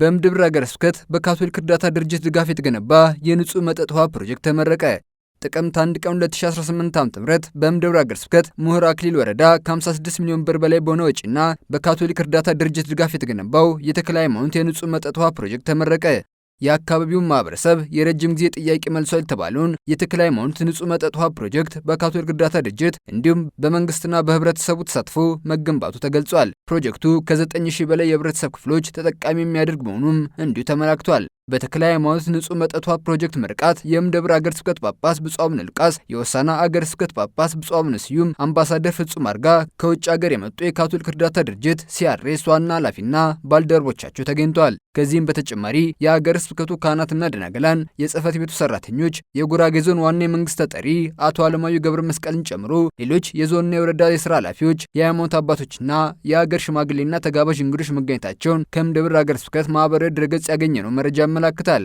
በምድብር ሀገረ ስብከት በካቶሊክ እርዳታ ድርጅት ድጋፍ የተገነባ የንጹህ መጠጥ ውሃ ፕሮጀክት ተመረቀ። ጥቅምት 1 ቀን 2018 ዓ.ም በምድብር ሀገረ ስብከት ምሁር አክሊል ወረዳ ከ56 ሚሊዮን ብር በላይ በሆነ ወጪና በካቶሊክ እርዳታ ድርጅት ድጋፍ የተገነባው የተክለ ሃይማኖት የንጹህ መጠጥ ውሃ ፕሮጀክት ተመረቀ። የአካባቢውን ማህበረሰብ የረጅም ጊዜ ጥያቄ መልሷል የተባለውን የተክለ ሃይማኖት ንጹህ መጠጥ ውሃ ፕሮጀክት በካቶሊክ እርዳታ ድርጅት እንዲሁም በመንግስትና በህብረተሰቡ ተሳትፎ መገንባቱ ተገልጿል። ፕሮጀክቱ ከ 9000 በላይ የህብረተሰብ ክፍሎች ተጠቃሚ የሚያደርግ መሆኑም እንዲሁ ተመላክቷል። በተክለ ሃይማኖት ንጹህ መጠቷ ፕሮጀክት ምርቃት የእምደብር አገር ስብከት ጳጳስ ብፁዕ አቡነ ሉቃስ፣ የወሳና አገር ስብከት ጳጳስ ብፁዕ አቡነ ስዩም፣ አምባሳደር ፍጹም አርጋ ከውጭ አገር የመጡ የካቶሊክ እርዳታ ድርጅት ሲአርኤስ ዋና ኃላፊና ባልደረቦቻቸው ተገኝተዋል። ከዚህም በተጨማሪ የአገር ስብከቱ ካህናትና ደናገላን፣ የጽህፈት ቤቱ ሰራተኞች፣ የጉራጌ ዞን ዋና የመንግስት ተጠሪ አቶ አለማየሁ ገብረ መስቀልን ጨምሮ ሌሎች የዞንና የወረዳ የስራ ኃላፊዎች፣ የሃይማኖት አባቶችና የአገር ሽማግሌና ተጋባዥ እንግዶች መገኘታቸውን ከእምደብር አገር ስብከት ማህበራዊ ድረገጽ ያገኘ ነው መረጃ ያመላክታል።